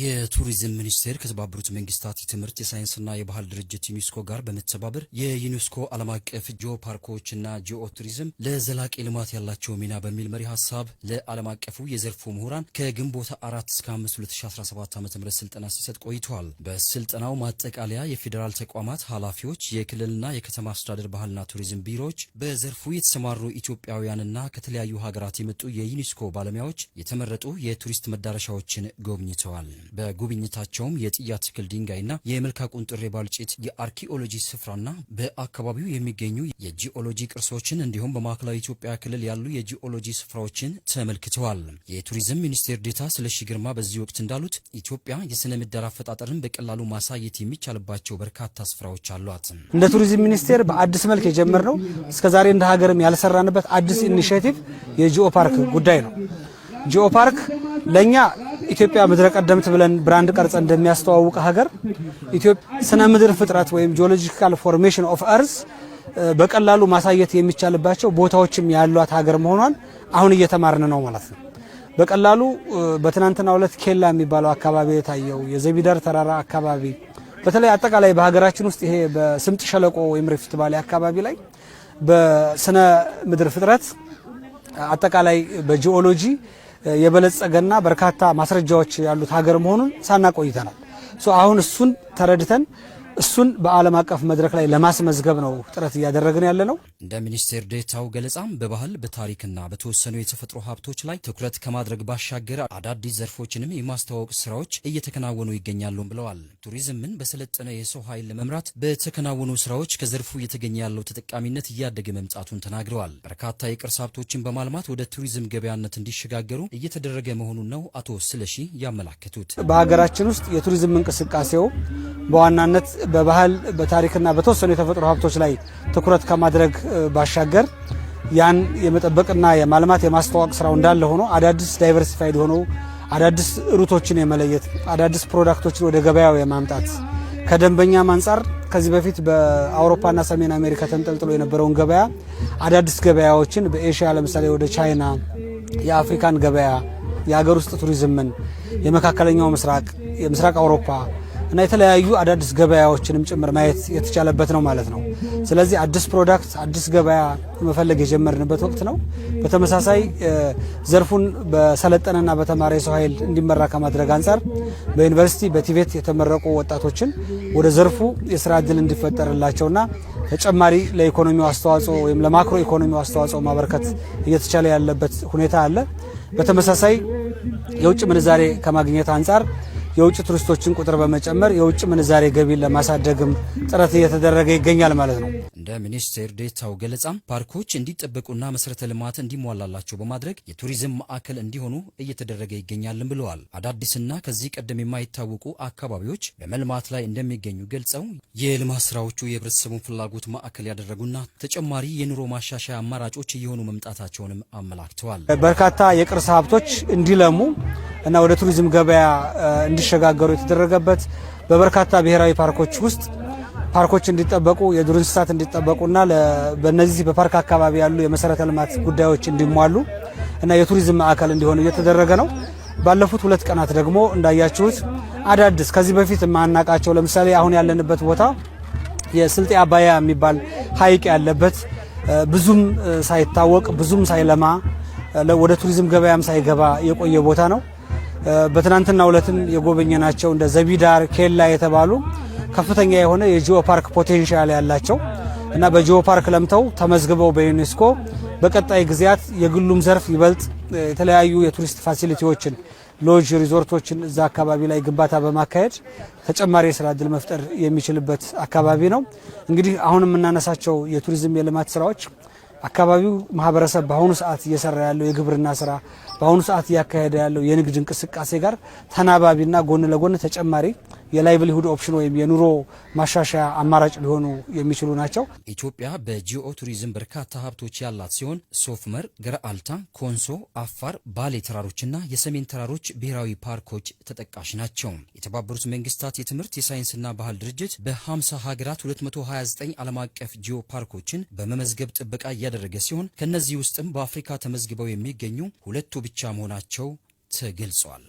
የቱሪዝም ሚኒስቴር ከተባበሩት መንግስታት የትምህርት የሳይንስና የባህል ድርጅት ዩኔስኮ ጋር በመተባበር የዩኒስኮ ዓለም አቀፍ ጂኦ ፓርኮችና ጂኦ ቱሪዝም ለዘላቂ ልማት ያላቸው ሚና በሚል መሪ ሀሳብ ለዓለም አቀፉ የዘርፉ ምሁራን ከግንቦት 4 እስከ 5 2017 ዓ ም ስልጠና ሲሰጥ ቆይተዋል። በስልጠናው ማጠቃለያ የፌዴራል ተቋማት ኃላፊዎች፣ የክልልና የከተማ አስተዳደር ባህልና ቱሪዝም ቢሮዎች፣ በዘርፉ የተሰማሩ ኢትዮጵያውያንና ከተለያዩ ሀገራት የመጡ የዩኒስኮ ባለሙያዎች የተመረጡ የቱሪስት መዳረሻዎችን ጎብኝተዋል። በጉብኝታቸውም የጥያ ትክል ድንጋይና የመልካ ቁንጥሬ ባልጭት የአርኪኦሎጂ ስፍራና በአካባቢው የሚገኙ የጂኦሎጂ ቅርሶችን እንዲሁም በማዕከላዊ ኢትዮጵያ ክልል ያሉ የጂኦሎጂ ስፍራዎችን ተመልክተዋል። የቱሪዝም ሚኒስቴር ዴታ ስለሺ ግርማ በዚህ ወቅት እንዳሉት ኢትዮጵያ የስነ ምህዳር አፈጣጠርን በቀላሉ ማሳየት የሚቻልባቸው በርካታ ስፍራዎች አሏት። እንደ ቱሪዝም ሚኒስቴር በአዲስ መልክ የጀመርነው እስከዛሬ እንደ ሀገርም ያልሰራንበት አዲስ ኢኒሽቲቭ የጂኦ ፓርክ ጉዳይ ነው። ጂኦ ፓርክ ለእኛ ኢትዮጵያ ምድረ ቀደምት ብለን ብራንድ ቀርጸ እንደሚያስተዋውቅ ሀገር ስነ ምድር ፍጥረት ወይም ጂኦሎጂካል ፎርሜሽን ኦፍ አርዝ በቀላሉ ማሳየት የሚቻልባቸው ቦታዎችም ያሏት ሀገር መሆኗን አሁን እየተማርን ነው ማለት ነው። በቀላሉ በትናንትናው ሁለት ኬላ የሚባለው አካባቢ የታየው የዘቢዳር ተራራ አካባቢ በተለይ አጠቃላይ በሀገራችን ውስጥ ይሄ በስምጥ ሸለቆ ወይም ሪፍት ቫሊ አካባቢ ላይ በስነ ምድር ፍጥረት አጠቃላይ በጂኦሎጂ የበለጸገና በርካታ ማስረጃዎች ያሉት ሀገር መሆኑን ሳናቆይተናል። አሁን እሱን ተረድተን እሱን በዓለም አቀፍ መድረክ ላይ ለማስመዝገብ ነው ጥረት እያደረግን ያለ ነው። እንደ ሚኒስቴር ዴታው ገለጻም በባህል በታሪክና በተወሰኑ የተፈጥሮ ሀብቶች ላይ ትኩረት ከማድረግ ባሻገር አዳዲስ ዘርፎችንም የማስተዋወቅ ስራዎች እየተከናወኑ ይገኛሉ ብለዋል። ቱሪዝምን በሰለጠነ የሰው ኃይል ለመምራት በተከናወኑ ስራዎች ከዘርፉ እየተገኘ ያለው ተጠቃሚነት እያደገ መምጣቱን ተናግረዋል። በርካታ የቅርስ ሀብቶችን በማልማት ወደ ቱሪዝም ገበያነት እንዲሸጋገሩ እየተደረገ መሆኑን ነው አቶ ስለሺ ያመላከቱት። በሀገራችን ውስጥ የቱሪዝም እንቅስቃሴው በዋናነት በባህል በታሪክና በተወሰኑ የተፈጥሮ ሀብቶች ላይ ትኩረት ከማድረግ ባሻገር ያን የመጠበቅና የማልማት የማስተዋወቅ ስራው እንዳለ ሆኖ አዳዲስ ዳይቨርሲፋይድ ሆነው አዳዲስ ሩቶችን የመለየት አዳዲስ ፕሮዳክቶችን ወደ ገበያው የማምጣት ከደንበኛም አንጻር ከዚህ በፊት በአውሮፓና ሰሜን አሜሪካ ተንጠልጥሎ የነበረውን ገበያ አዳዲስ ገበያዎችን በኤሽያ ለምሳሌ ወደ ቻይና፣ የአፍሪካን ገበያ፣ የሀገር ውስጥ ቱሪዝምን፣ የመካከለኛው ምስራቅ፣ የምስራቅ አውሮፓ እና የተለያዩ አዳዲስ ገበያዎችንም ጭምር ማየት የተቻለበት ነው ማለት ነው። ስለዚህ አዲስ ፕሮዳክት አዲስ ገበያ መፈለግ የጀመርንበት ወቅት ነው። በተመሳሳይ ዘርፉን በሰለጠነና በተማረ የሰው ኃይል እንዲመራ ከማድረግ አንጻር በዩኒቨርሲቲ በቲቤት የተመረቁ ወጣቶችን ወደ ዘርፉ የስራ እድል እንዲፈጠርላቸውና ተጨማሪ ለኢኮኖሚው አስተዋጽኦ ወይም ለማክሮ ኢኮኖሚው አስተዋጽኦ ማበርከት እየተቻለ ያለበት ሁኔታ አለ። በተመሳሳይ የውጭ ምንዛሬ ከማግኘት አንጻር የውጭ ቱሪስቶችን ቁጥር በመጨመር የውጭ ምንዛሬ ገቢን ለማሳደግም ጥረት እየተደረገ ይገኛል ማለት ነው። እንደ ሚኒስቴር ዴታው ገለጻም ፓርኮች እንዲጠበቁና መሰረተ ልማት እንዲሟላላቸው በማድረግ የቱሪዝም ማዕከል እንዲሆኑ እየተደረገ ይገኛልም ብለዋል። አዳዲስና ከዚህ ቀደም የማይታወቁ አካባቢዎች በመልማት ላይ እንደሚገኙ ገልጸው የልማት ስራዎቹ የህብረተሰቡን ፍላጎት ማዕከል ያደረጉና ተጨማሪ የኑሮ ማሻሻያ አማራጮች እየሆኑ መምጣታቸውንም አመላክተዋል። በርካታ የቅርስ ሀብቶች እንዲለሙ እና ወደ ቱሪዝም ገበያ እንዲሸጋገሩ የተደረገበት በበርካታ ብሔራዊ ፓርኮች ውስጥ ፓርኮች እንዲጠበቁ የዱር እንስሳት እንዲጠበቁና በነዚህ በፓርክ አካባቢ ያሉ የመሰረተ ልማት ጉዳዮች እንዲሟሉ እና የቱሪዝም ማዕከል እንዲሆኑ እየተደረገ ነው። ባለፉት ሁለት ቀናት ደግሞ እንዳያችሁት አዳዲስ ከዚህ በፊት የማናቃቸው ለምሳሌ አሁን ያለንበት ቦታ የስልጤ አባያ የሚባል ሐይቅ ያለበት ብዙም ሳይታወቅ ብዙም ሳይለማ ወደ ቱሪዝም ገበያም ሳይገባ የቆየ ቦታ ነው። በትናንትና የጎበኘ ናቸው እንደ ዘቢዳር፣ ኬላ የተባሉ ከፍተኛ የሆነ የጂኦ ፓርክ ፖቴንሻል ያላቸው እና በጂኦ ፓርክ ለምተው ተመዝግበው በዩኔስኮ በቀጣይ ጊዜያት የግሉም ዘርፍ ይበልጥ የተለያዩ የቱሪስት ፋሲሊቲዎችን ሎጅ ሪዞርቶችን እዛ አካባቢ ላይ ግንባታ በማካሄድ ተጨማሪ የስራ እድል መፍጠር የሚችልበት አካባቢ ነው። እንግዲህ አሁን የምናነሳቸው የቱሪዝም የልማት ስራዎች አካባቢው ማህበረሰብ በአሁኑ ሰዓት እየሰራ ያለው የግብርና ስራ በአሁኑ ሰዓት እያካሄደ ያለው የንግድ እንቅስቃሴ ጋር ተናባቢና ጎን ለጎን ተጨማሪ የላይቭሊሁድ ኦፕሽን ወይም የኑሮ ማሻሻያ አማራጭ ሊሆኑ የሚችሉ ናቸው። ኢትዮጵያ በጂኦ ቱሪዝም በርካታ ሀብቶች ያላት ሲሆን ሶፍመር፣ ገረአልታ፣ ኮንሶ፣ አፋር፣ ባሌ ተራሮችና የሰሜን ተራሮች ብሔራዊ ፓርኮች ተጠቃሽ ናቸው። የተባበሩት መንግስታት የትምህርት የሳይንስና ባህል ድርጅት በ50 ሀገራት 229 ዓለም አቀፍ ጂኦ ፓርኮችን በመመዝገብ ጥበቃ እያደረገ ሲሆን ከእነዚህ ውስጥም በአፍሪካ ተመዝግበው የሚገኙ ሁለቱ ብቻ መሆናቸው ተገልጿል።